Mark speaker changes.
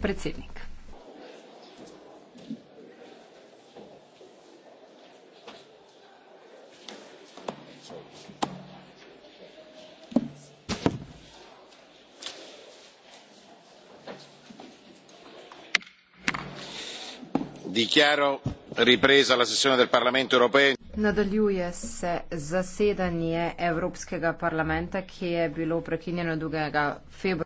Speaker 1: predsednik
Speaker 2: dichiaro ripresa la sessione del parlamento
Speaker 3: europeo.
Speaker 4: nadaljuje se zasedanje evropskega parlamenta ki je bilo prekinjeno drugega februarja.